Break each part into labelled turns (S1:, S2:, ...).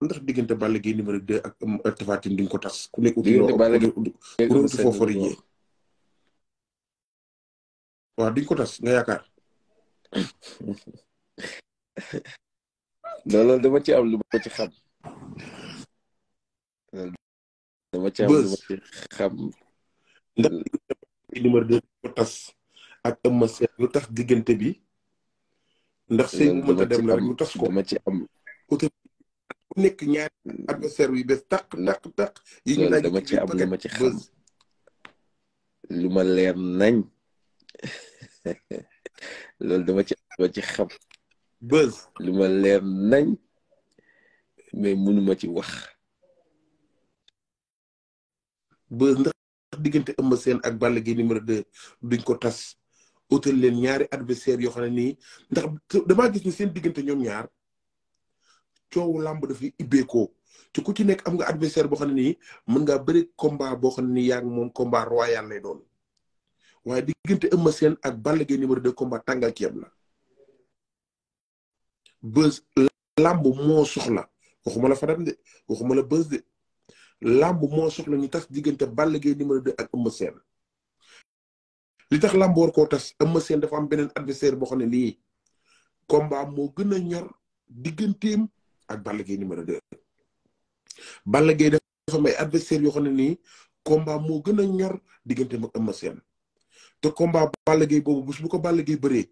S1: ndax digënté balé gi numéro 2 ak Tapha Tine di eh, ko tass ku nekk uti uti foofari jee waaw di nga ko tass nga yaakar da la dama ci am lu ba ci xam dama ci am lu ba ci xam ndax numéro 2 ko tass ak ëmma seet lu tax digënté bi ndax sé mu ta dem la lu tass ko dama ci am uti nekk ñaari adversaire yu bees tàq tàq tàq. yi ñu naan dama ci am lu ma ci lu ma leer nañ loolu dama ci am ci xam. bës lu ma leer nañ mais mënuma ci wax. bës ndax diggante Eumeu seen ak Balla Gaye numéro 2 duñ ko tas utal leen ñaari adversaire yoo xam ne nii ndax damaa gis ni seen diggante ñoom ñaar. da fi ibé ko ci ku ci nek am nga adversaire bo xam ni mën nga bari combat bo xam ne nii yaa combat royal lay doon waye digënté Eumeu Sène ak Balla numéro de combat tangal ki la buzz lamb mo soxla waxuma la Fadam de waxuma la buzz de lamb mo soxla ñu tax digënté Balla numéro de ak Eumeu Sène li tax lamb war ko tas Eumeu Sène dafa am benen adversaire bo xam ne combat mo gëna ñor digëntéem ak Balla Gaye numéro 2. Balla Gaye dafa am ay adversaires yoo xam ne nii combat moo gën a ñor diggante ak Eumeu Sène te combat Balla Gaye boobu bés bu ko Balla Gaye bëree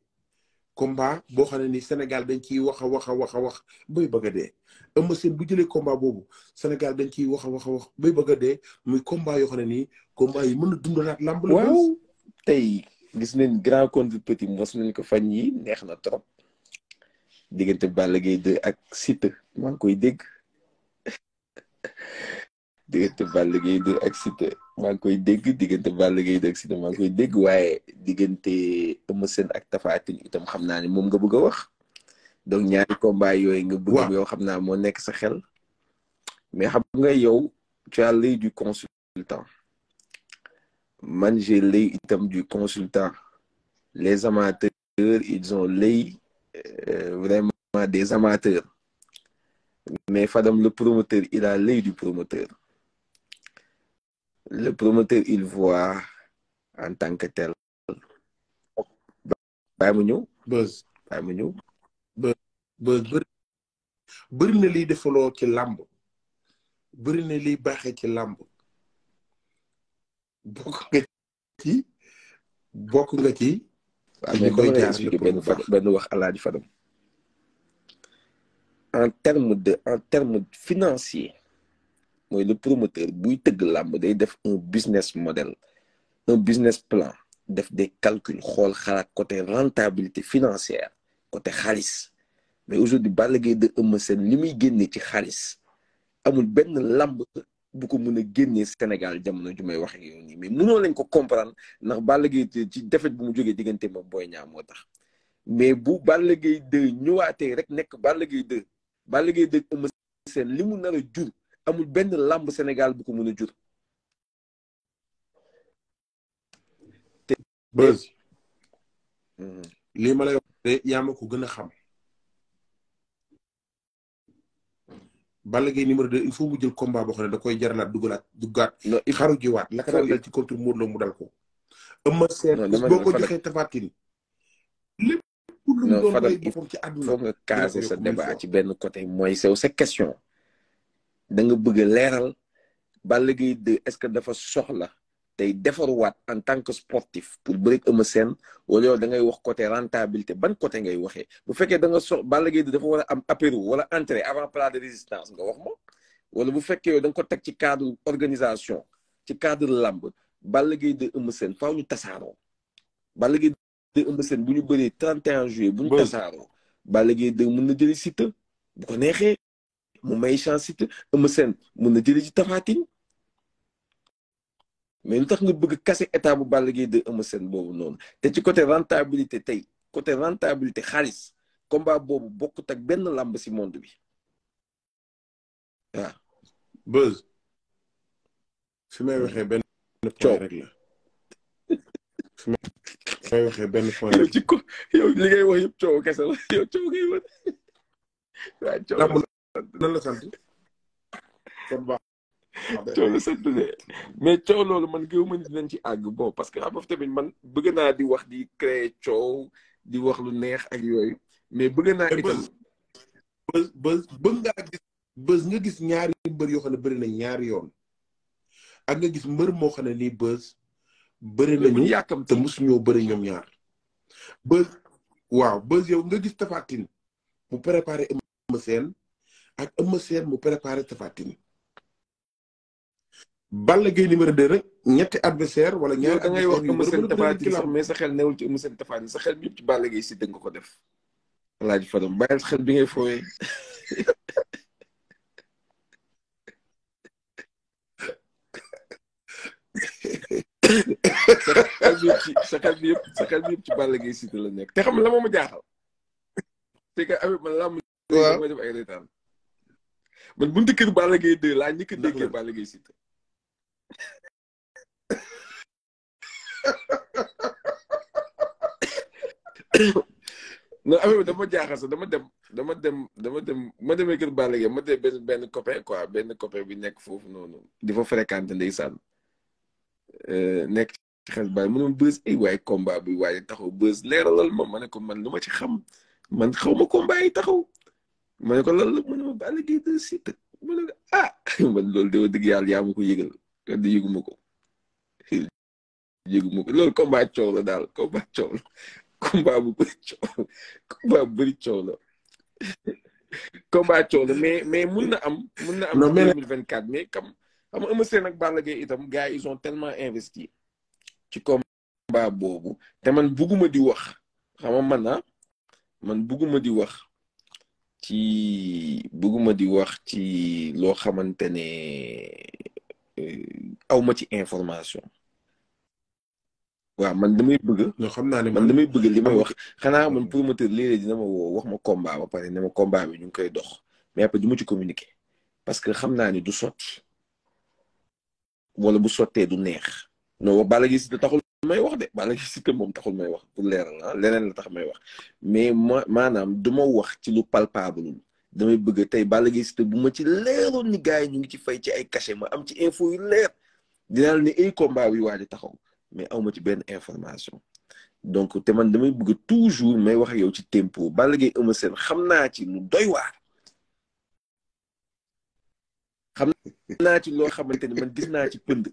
S1: combat boo xam ne nii Sénégal dañ ciy wax a wax a wax a wax bay bëgg a dee bu jëlee combat boobu Sénégal dañ ciy wax a wax a wax bay bëgg a muy combat yoo xam ne nii combat yi mën a dundalaat làmb la. waaw tey gis nañ grand contre petit mos nañ ko fañ yi neex na trop. diggante Balla Gaye 2 ak Siteu maa ngi koy dégg diggante Balla Gaye 2 ak Siteu maa ngi koy dégg diggante Balla Gaye 2 ak Siteu maa waaye diggante Eumeu Sène ak Tapha Tine itam xam naa ne moom nga bëgg a wax donc ñaari combat yooyu nga bëgg yow xam naa moo nekk sa xel mais xam nga yow tu as l'œil du consultant man j'ai l'œil itam du consultant les amateurs ils ont l'œil Euh, vraiment des amateurs. Mais Fadam, le promoteur, il a l'œil du promoteur. Le promoteur, il voit en tant que tel. Buzz waaw mais comme lay ben benn fa benn wax alaaji Fadam en terme de en terme financier mooy le promoteur buy tëgg làmb day def un business model un business plan def des calculs xool xalaat côté rentabilité financière côté xaalis mais aujourd'hui Balla Gaye de Eumeu Sène li muy génne ci xaalis amul benn làmb bu ko mën a génnee Sénégal jamono ju may waxee yow nii mais mënoo leen ko comprendre ndax Balla Gaye ci défaite bu mu jógee diggante moom Boy Niang moo tax mais bu Balla Gaye ñëwaatee rek nekk Balla Gaye 2 Balla Gaye 2 Eumeu Sène li mu nar a jur amul benn làmb Sénégal bu ko mën a jur. te mm-hmm. lii ma lay wax de yaa ko gën a xam. Balla Gaye numéro 2 il faut mu jël combat boo xam ne da koy jaralaat dugalaat duggaat. non il xaru jiwaat waat na dal ci contre Modou Lo mu dal ko. Eumeu Sène boo ko joxee Tapha Tine.
S2: lépp pour lu ci
S1: àdduna. foog nga caser sa débat ci benn côté mooy sew sa question. da nga bëgg a leeral. Balla Gaye 2 est-ce que dafa soxla tey defaruwaat en tant que sportif pour bëri Eumeu Sène wala da ngay wax côté rentabilité ban côté ngay waxé bu féké da nga sox Balla Gaye dafa war am apéro wala entrée avant plat de résistance nga wax ma wala bu féké yow da nga ko tek ci cadre organisation ci cadre lamb Balla Gaye de Eumeu Sène faaw ñu tassaro Balla Gaye de Eumeu Sène bu ñu bëree 31 juillet bu ñu tassaro Balla Gaye de mëna na jëli Siteu bu ko neexee mu may chance site Eumeu Sène mën na jëli ci Tapha mais lu tax nga bëgg kase état bu Balla gi de Eumeu seen boobu noonu te ci côté rentabilité tey côté rentabilité xaalis combat boobu bokkut ak benn làmb si monde bi waaw. Beuz fi may waxee benn point rek la fi may waxee benn point yow li ngay wax yëpp coow la yow coow ngay wax waaw coow la sant de mais coow loolu man gëw ma ni dinañ ci àgg bo parce que xam nga tamit man bëgg naa di wax di créer coow di wax lu neex ak yooyu mais bëgg naa itam bës bës gis bës nga gis ñaari mbër yoo xam ne bëri na ñaari yoon ak nga gis mbër moo xam ne nii bës bëri nañu yàkkam te mosuñoo bëri ñoom ñaar bës waaw bës yow nga gis tafatin mu préparé Eumeu Sène ak Eumeu Sène mu préparé tafatin balle gay numéro 2 rek ñetti adversaire wala ñaar da ngay wax Eumeu monsieur Tapha Tine sax mais sa xel neewul ci monsieur Sène sa xel bi ci Balla Gaye Siteu nga ko def laaj Fadam bayal xel bi ngay fooyee sa xel bi sa xel bi ci balle gay ci la nek te xam la moma jaaxal te ka amee man làmb ma def ay retard man buntu keur balle gay 2 laa njëkk a balle gay ci 2 non affaire bi dama jaaxal sax dama dem dama dem dama dem ma demee kër Balla ma dem benn benn copain benn copain bi nekk foofu noonu di fa fréquenté ndeysaan euh, nekk ci xel bàyyi mu bës ay waaye combat bi waaye taxaw bës leeralal ma ma ne ko man lu ma ci xam man xaw ma komba yi taxaw ma ne ko lan la ne ma Balla Gaye de Siteu mu ne ah man loolu de dëgg yàlla yaa ma ko yëgal di yëguma ko yëguma ko loolu combat coow la daal combat coow la combat bu bëri coow combat bu mais mais mun na am mun na am en deux mille mais kam xam nga Eumeu Sène ak Balla Gaye itam gars ils ont tellement investi ci combat boobu te man bugguma di wax xam man ah man bugguma di wax ci bugguma di wax ci loo xamante ne Eh, aw ma ci information. waaw man damay bëgg. non xam naa ne man damay bëgg li may wax xanaa man mm-hmm. promoteur léeg-léeg dina ma woo wax ma combat ba pare ne ma combat bi ñu ngi koy dox mais après du ma ci communiquer parce que xam naa ne du sotti wala bu sottee du neex. non Balla Gaye Siteu taxul may wax de Balla Gaye Siteu moom taxul may wax pour leeral ah leneen la tax may wax mais ma maanaam du ma wax ci lu palpable damay bëgg tey Balla Gaye Siteu bu ma ci leeroon ni gars yi ñu ngi ci fay ci ay cachet ma am ci info yu leer dinaa ne ay combat bi waaj taxaw mais aw ma ci benn information donc te man damay bëgg toujours may waxe yow ci tempo Balla Gaye Eumeu Sène xam naa ci lu doy waar. xam naa ci loo xamante ni man gis naa ci pënd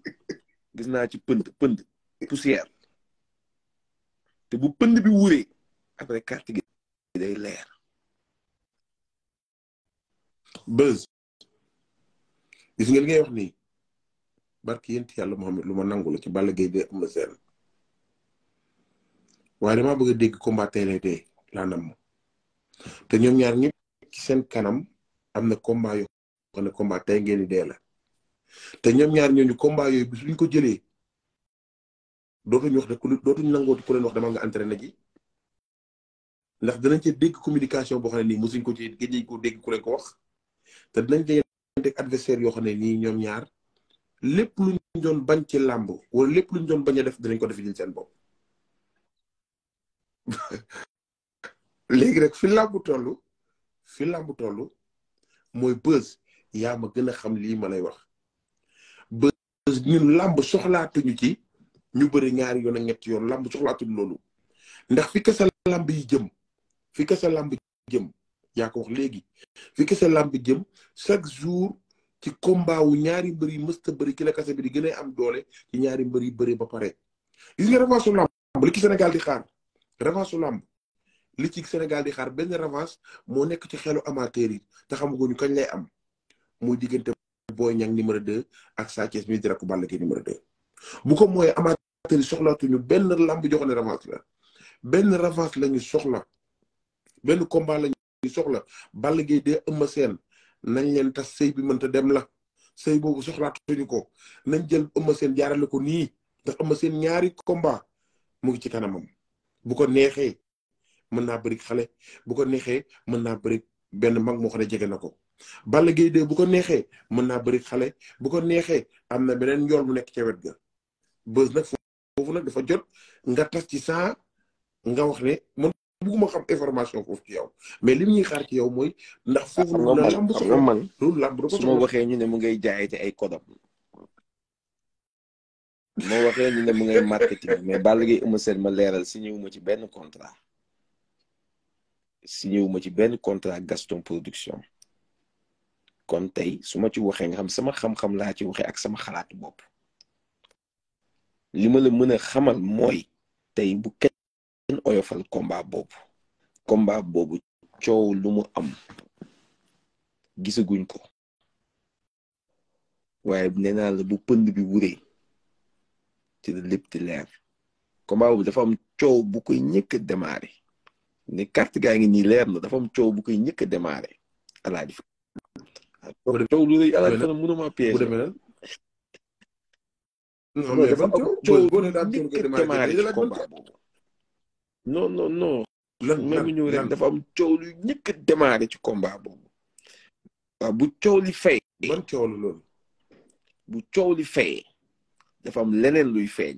S1: gis naa ci pënd pënd poussière te bu pënd bi wuree après carte gi day leer. bës gis nga li ngay wax nii barki yénti yàlla Mohamed lu ma nangu la ci bala Gaye de am waaye damaa bëgg dégg combat teel dee laa nam te ñoom ñaar ñëpp ci seen kanam am na combat yoo xam ne combat tey ngeen di dee la te ñoom ñaar ñooñu combat yooyu bis luñ ko jëlee dootuñu wax de ku dootuñu nangooti ku leen wax dama nga entraîné ji ndax danañ ci dégg communication boo xam ni nii mosuñ ko ci géej ko dégg ku leen ko wax te dinañ jëyanteeg adversaire yoo xam ne nii ñoom ñaar lépp luñ doon bañ ci làmb wala lépp luñ doon bañ a def dinañ ko def jël seen bopp. léegi rek fi làmb toll fi làmb tollu mooy bës yaam a gën a xam lii ma lay wax bës ñu làmb soxlaatuñu ci ñu bari ñaari yoon a ñetti yoon làmb soxlaatuñu loolu ndax fi kese làmb yi jëm fi kese làmb jëm. yaa ko wax léegi fi kese làmb jëm chaque jour ci combat wu ñaari mbër yi mësta bëri ki la kase bi di gën a am doole ci ñaari mbër yi bëri ba pare gis nga revanche su làmb li ci Sénégal di xaar revanche su làmb li ci Sénégal di xaar benn revanche moo nekk ci xelu amateur yi te xamaguñu kañ lay am muy diggante Boy Niang numéro 2 ak Sa Thiès mi dira ko Balla ki numéro 2 bu ko mooyee amateur yi soxlaatuñu benn làmb joxoon ne la benn ravance lañu soxla benn soxla Balla gi de eum sen nañ len tax sey bi mënta dem la bogo soxla tuñu ko nañ jël eum sen jaarale ko nii ndax Eumeu Sène ñaari combat mu ngi ci kanamam bu ko nexé mën naa bëri bu ko nexé mën naa bëri mag mo xone nako gi de bu ko nexé mën naa bëri bu ko nexé amna na beneen bu nek ci wet ga bës nak fofu nak dafa jot nga tax ci sa nga wax ne bugguma xam information foofu ci yow mais li ñuy xaar ci yow mooy ndax foofu la lamb soxla man loolu lamb da ma waxee ñu ne mu ngay jaayate ay kodam moo waxee ne mu ngay marketing mais Balla Gaye Eumeu ma leeral signé wu ma ci benn contrat signé wu ci benn contrat Gaston Production kon tey su ma ci waxee nga xam sama xam laa ci waxee ak sama xalaatu bopp ma la mën a xamal mooy tey bu kenn kenn oyofal combat boobu combat boobu coow lu mu am gisaguñ ko waaye nee naa la bu pënd bi wuree ci la lépp di leer combat boobu dafa am coow bu koy ñëkk a démarré ne gaa ngi nii leer na dafa am coow bu koy ñëkk a démarré alaaji coow lu rëy alaaji fana mënuma piège non mais boobu no non non. lan lan ñëw rek dafa am coow lu ñëkk demaare ci kombaa boobu. bu coow li fay. ban coow la bu coow li fayee. dafa am leneen luy feeñ.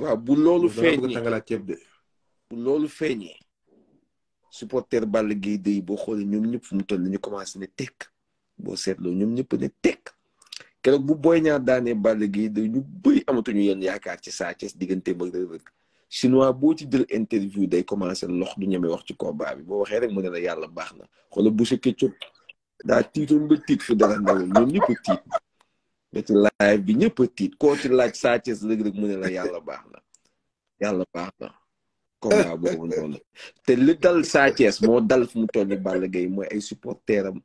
S1: waaw bu loolu. feeñee bu loolu feeñee. supporter Balla Gaye day boo xoolee ñoom ñëpp fu mu toll ñu commencé ne tek boo seetloo ñoom ñëpp ne tekk. keroog bu Boy Niang daanee Balla Gaye dañu bëri amatuñu yenn yaakaar ci Sa Thiès diggante mag Reug Reug chinois boo ci jël interview day commencé lox du ñeme wax ci combat bi boo waxee rek mu ne la yàlla baax na xoolal bu sa Ketchup daa tiitoon ba tiit fi dara ndawul ñoom ñëpp a tiit ba bi ñëpp a koo ci laaj Sa Thiès mu ne la yàlla baax na yàlla baax na combat te li dal Sa moo dal fu mu toll Balla Gaye mooy ay supporteram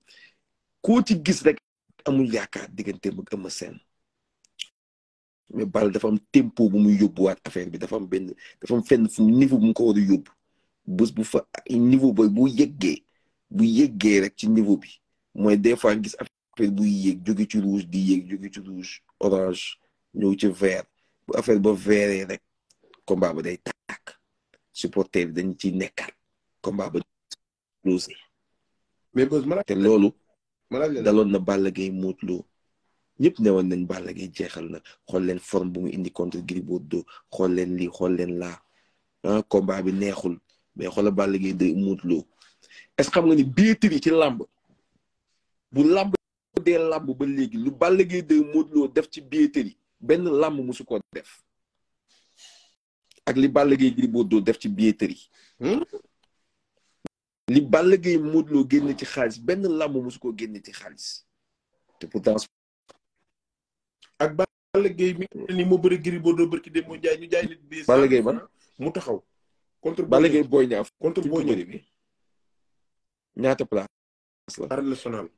S1: koo ci gis rek amul yaakaar digganteem ak Eumeu Sène mais Balla dafa am tempo bu muy yóbbuwaat affaire bi dafa am benn dafa am fenn fu niveau bu mu ko war yóbbu bés bu fa niveau ba bu yëggee bu yëggee rek ci niveau bi mooy des fois gis affaire buy yéeg jóge ci rouge di yéeg jóge ci rouge orange ñëw ci vert bu affaire ba veeree rek combat ba day tàkk supporter dañ ci nekkaat combat ba closé mais bés ma te loolu daloon na Balla Gaye Modou Lo ñëpp newoon nañ Balla Gaye jeexal na xool leen forme bu mu indi contre Gris Bordeaux xool leen lii xool leen laa ah combat bi neexul mais xoola Balla Gaye de Modou Lo xam nga ni biitir ci làmb bu làmb dee làmb ba léegi lu Balla Gaye de Modou def ci biitir yi benn làmb musu ko def ak li Balla Gaye Gris Bordeaux def ci biitir yi hmm? li balle gay Modou Lo génn ci xaalis ben lamb mosu ko génn ci xaalis te pourtant ak balle gay mi ni moo bëri Gris Bordeaux bërki dem moo jaay ñu jaay nit bi balle gay man mu taxaw contre balle gay Boy Niang contre Boy Niang bi ñaata place la arène nationale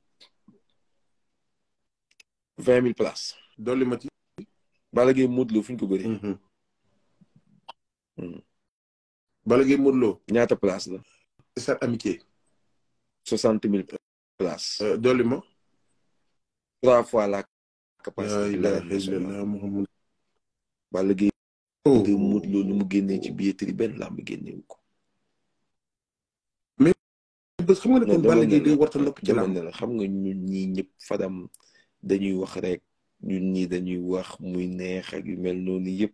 S1: 20000 place doli mati balle gay Balla Gaye Lo fu ñu ko bëri mhm. hmm. Balla Gaye Lo ñaata place la stade amitié. soixante mille places. Euh, dolli ma. trois fois la capacité. la la Balla Gaye oh. mu génnee ci billetterie benn làmb génnewu ko. mais xam nga ne kon Balla Gaye warta nopp ci xam nga ñun ñii ñëpp fadam dañuy wax rek ñun ñii dañuy wax muy neex ak yu mel noonu yëpp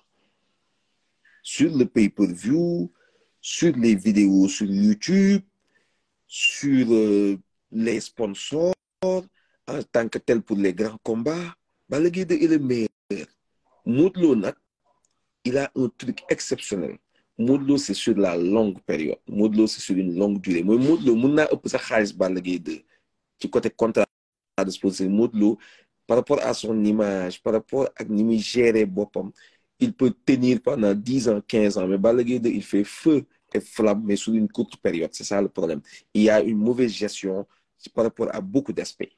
S1: sur le pay-per-view, sur les vidéos sur YouTube, sur euh, les sponsors, en tant que tel pour les grands combats. guide est le meilleur. Moudlo, il a un truc exceptionnel. Moudlo, c'est sur la longue période. Moudlo, c'est sur une longue durée. Mais Moudlo, Moudlo, Moudlo, C'est ci côté contrat de sponsor Moudlo, par rapport à son image, par rapport à ni gérer il peut tenir pendant 10 ans, 15 ans, mais Balaguer il fait feu et flamme, mais sur une courte période. C'est ça le problème. Il y a une mauvaise gestion par rapport à beaucoup d'aspects.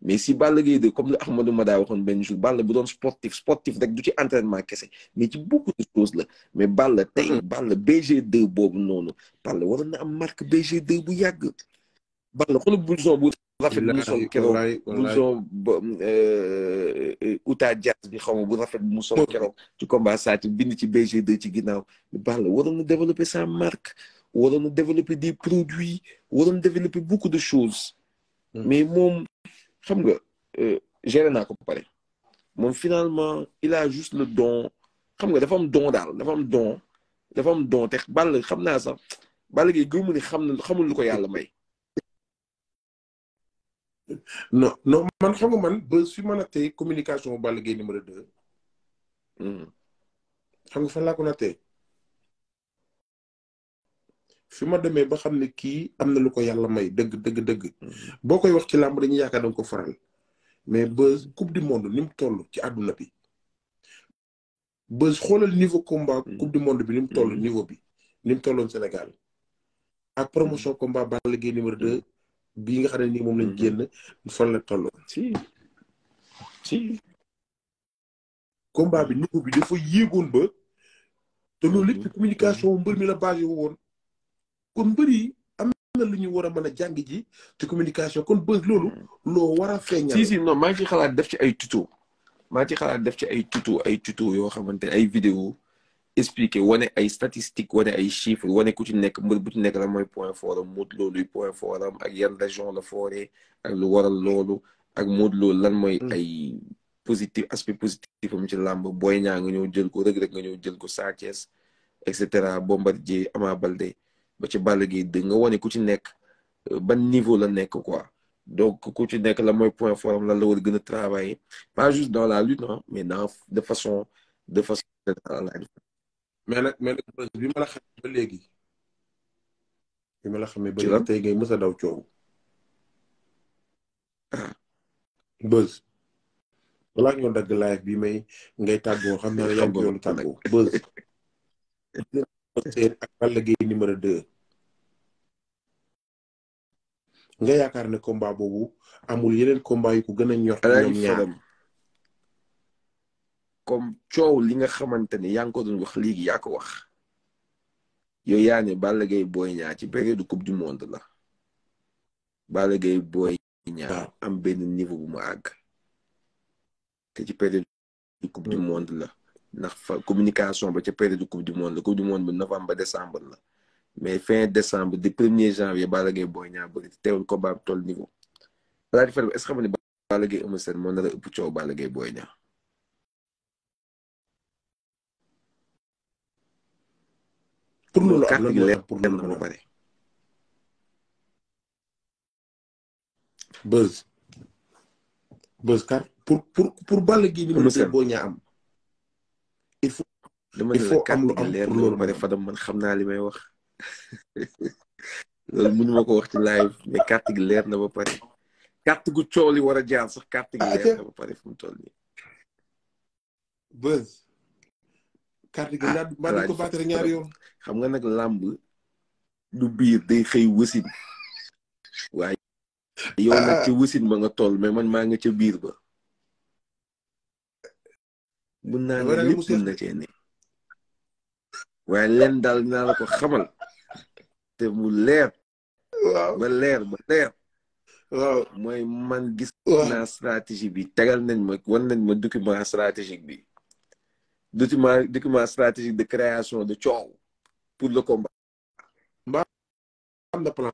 S1: Mais si Balaguer comme le Ahmadou Mada waxone ben jour, Bal bu sportif, sportif rek du ci entraînement kessé, mais ci beaucoup de choses là. Mais Balle, tay, Bal BG2 non, non. Bal warna am marque BG2 bu yag. Balla xoolal blouson bu rafet blouson keroog euh, euh outa jazz bi xaw ma bu rafet blouson keroog ci combat saa ci bind ci BG2 ci ginnaaw Balla waroon na développer sa marque waroon na développer des produits waroon na développer beaucoup de choses hmm. mais mom xam nga euh, géré naa ko paré mom finalement il a juste le don xam nga dafa am don dal dafa am don dafa am don te Balla xam naa sax Balla Gaye gëmu ni xam na xamul lu ko yalla may non non man xam nga man ba fi nattee communication Balla Gaye numéro 2. Hmm. xam nga nattee. fi ma demee ba xam ne kii am na lu ko yàlla may dëgg dëgg dëgg. Hmm. boo koy wax ci làmb dañuy yaakaar danga ko faral. mais Beuz coupe du monde ni mu toll ci àdduna bi. Beuz xoolal niveau combat. Hmm. coupe du monde bi ni mu toll niveau bi. ni tolloon Sénégal. ak promotion combat Balla Gaye numéro 2. bii nga xam ne nii moom lañ mhm. génn fan la tolloo si si. combat bi niveau bi dafa ba. te loolu mhm. communication mbër mi la basé woon. kon mbër yi am na lu ñu war a mën a jàng ji te communication kon bës loolu. Mhm. loo war a feeñal. si si maa ngi ci xalaat def ci ay tuto. maa ci xalaat def ci ay tuto ay tuto yoo xamante ay vidéo expliquer on a statistiques statistiques, ay chiffres wane chiffres, ci on est point de am Modou est point fort on est yan région la fooree ak lu waral loolu ak Modou lan mm. positif aspect positif est ci Lambo, Boy Niang nga ñëw jël ko Reug Reug on est jël ko Sa etc. Bombardier Ama on ba ci on nga a est euh, ban niveau la nekk quoi donc la est point fort la travailler pas juste dans la lutte hein, mais dans de façon de façon générale mais nag mais nag bi ma la xam ba léegi bi ma la xamee ba léegi tey ngay mës daw coow buzz balaa ñoo dagg live bi may ngay tàggoo xam naa yaa ngi yoonu tàggoo buzz ak deux nga yaakaar ne combat boobu amul yeneen combat yu ko gën a ñor ñoom ñaar comme coow li nga xamante ne yaa ngi ko doon wax léegi yaa ko wax yooyu yaa ne Balla Gaye Boy Niang ci période coupe du monde la Balla Gaye Boy ah. am benn niveau bu ma àgg te ci période coupe du hmm. monde la ndax fa communication ba ca période coupe du monde la coupe du monde bi novembre ba décembre la mais fin décembre di premier janvier Balla Gaye booy Niang bëri teewul ko baab toll niveau balaa di fa est-ce que xam ne Balla moo nar a ëpp coow Balla Gaye Boy Niang pour loolu am lan moo tax pour lenn moo bare buzz buzz car kan? pour pour pour Balla Gaye bi la kan? am il faut dama ne la kàddu gi leer loolu ba def Fadam man xam li may wax mënu wax ci live mais carte gi leer na ba pare carte gu coow li war a jaar sax carte gi ah, leer na ba pare fu buzz. carte ah, xam nga nag làmb du biir day xëy wësin waaye yow nag ah. ca wësin ba nga toll mais man maa nga ca biir ba. mun naa ne lépp mun na cee ne. waaye leen daal la ko xamal. te mu leer. ba leer ba leer. waaw mooy man gis. naa stratégie bi tegal nañ ma wan nañ ma document stratégique bi. document document stratégique de création de coow pour le combat. mbaa na plan.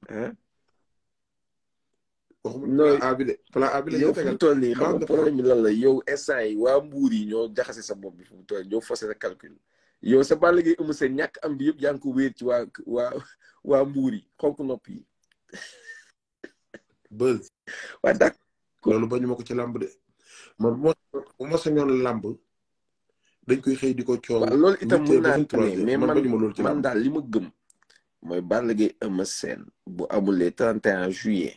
S1: waxumala plan A plan A bi la yow fu mu toll nii xam la yow instant waa mbuur yi ñoo jaxase sa bopp bi fu mu toll ñoo forcé sa calcul. yow sa Balla Gaye ëmm sa ñàkk am bi yëpp yaa ngi wéer ci waa waa waa yi xonk nopp yi. bëri. waaw d'accord loolu bañu ko ci lamb de man bu ma bu làmb. dañ koy xëy di ko coow. waaw loolu itam mën naa mais man man daal li ma gëm. mooy Balla Gaye Eumeu Sène bu amulee 31 juillet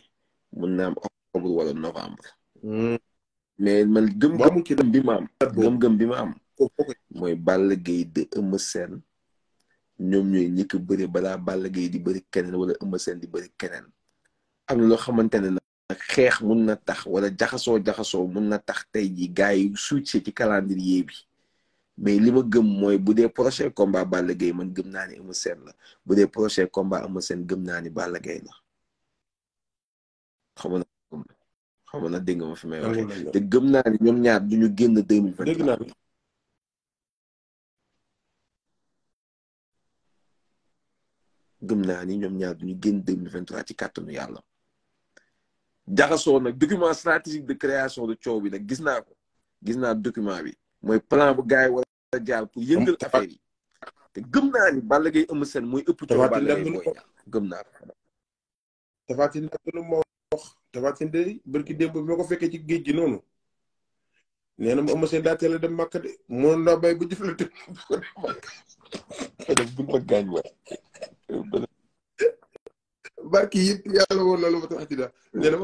S1: mun naa am octobre wala novembre. Hmm. mais man gëm-gëm bi ma am. gëm-gëm bi ma am. mooy ball Gaye de Eumeu Sène ñoom ñooy ñëkk a balaa Balla Gaye di bëri keneen wala Eumeu seen di bëri keneen. am na loo xamante ne nag xeex mun na tax wala jaxasoo jaxasoo mun na tax tey ji gars yi suucee ci calendrier bi. mais li ma gëm mooy bu dee prochain combat Balla Gaye man gëm naa ni Eumeu Sène la bu dee prochain combat Eumeu Sène gëm naa ni Balla la xam nga xam nga dégg nga ma fi may waxee te gëm naa ni ñoom ñaar duñu génn deux mille vingt naa ni ñoom ñaar duñu génn deux mille ci kàttanu yàlla jaxasoo nag document stratégique de création de coow bi nag gis naa ko gis naa document bi mooy plan bu gars yi war a jaar pour te gëm naa ni Balla Gaye Eumeu Sène mooy ëpp. coow Balla Gaye Boy Niang gëm naa ko. Tapha Tine nag lu bi ma ko ci géej gi noonu nee na daa teel a dem Màkka de mënoon naa bàyyi ba jëflante bu ko gaañ waay. barki yëpp yàlla woon na lu ma Tapha Tine daal nee na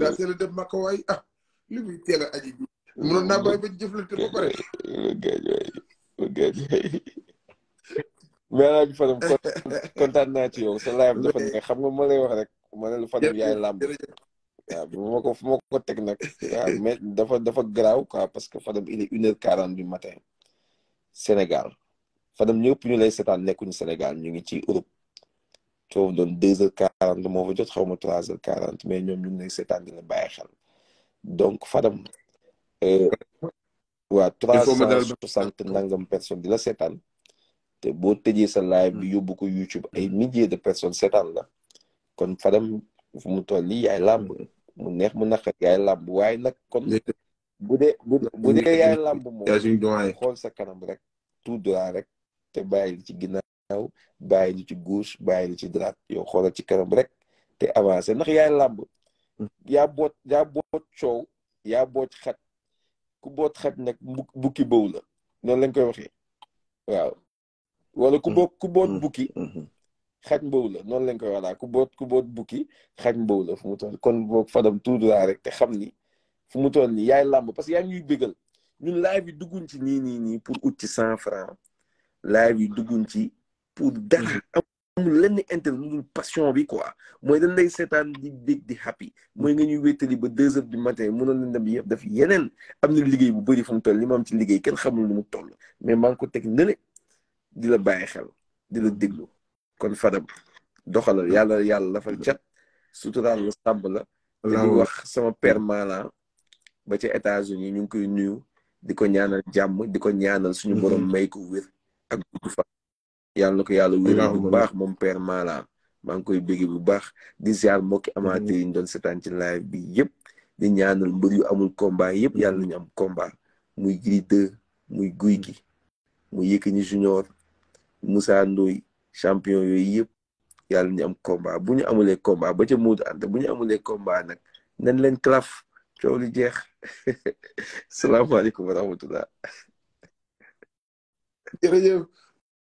S1: daa teel a dem ah li muy teel aji mënoon naa bàyyi ba jëflante ba pare. mais alaaji Fadam kontaan naa ci yow sa live dafa ne xam nga ma lay wax rek ma ne la Fadam yaay làmb waaw bu ma ko fu ma ko teg nag waaw mais dafa dafa garaaw quoi parce que Fadam il est une heure quarante du matin Sénégal Fadam ñëpp ñu lay seetaan nekkuñu Sénégal ñu ngi ci Europe foofu doon deux heures quarante moo fa jot xaw ma trois heures quarante mais ñoom ñu ngi lay seetaan di la bàyyi xel donc Fadam Eh, waa trois cent soixante nangam personne di la seetaan te boo tëjee sa live bi hmm. yóbbu ko YouTube ay hmm. milliers de personnes seetaan la kon Fadam mu toll nii yaay làmb mu neex mu naqar yaay làmb waaye nag kon bu dee bu dee yaay làmb moom xool sa kanam rek tout droit te bàyyi li ci ginnaaw bàyyi li ci gauche bàyyi li ci droite yow xoolal ci kanam rek te avancé ndax yaay làmb hmm. yaa boot yaa boot coow yaa boot xat ku boot xaj nag bukki bëw la noonu lañ koy waxee waaw wala ku boot ku boot mm-hmm. bukki mm-hmm. xaj mbow la noonu lañ koy voilà ku boot ku boot bukki xaj mbow la fu mu toll kon boog fadam tuuti laa rek te xam ni fu mu toll nii yaay làmb parce que yaa ngi ñuy bégal ñun live yi dugguñ ci nii nii nii ut ci cent franc live yi dugguñ ci pour dara amul lenn intérêt lu dul passion bi quoi mooy dañ lay seetaan di bég di happy mooy nga ñuy wéttali ba deux heures du matin mënoon a dem yëpp def yeneen am na liggéey bu bëri fu mu toll li ma am ci liggéey kenn xamul lu mu toll mais maa ngi ko teg nële di la bàyyi xel di la déglu kon Fadam doxalal yàlla yàlla dafa cat suturaal la sàmm la di wax sama père Malang ba ca États-Unis ñu ngi koy nuyu di ko ñaanal jàmm di ko ñaanal suñu mhm. borom may ko wér ak gudd fan yàlla na ko yàlla wéral bu baax moom père maala maa ngi koy béggee bu baax di ziar mbokki amateur yi ñu doon seetaan ci live bi yëpp di ñaanal mbër yu amul combat yëpp yàlla nañu am komba muy Gris 2 muy guy gi mu Yékini Junior Moussa Ndoye champion yooyu yëpp yàlla ñu am combat bu ñu amulee combat ba ca Modou Anta bu ñu amulee combat nag nañ leen claf coow li jeex salaamaaleykum wa rahmatullah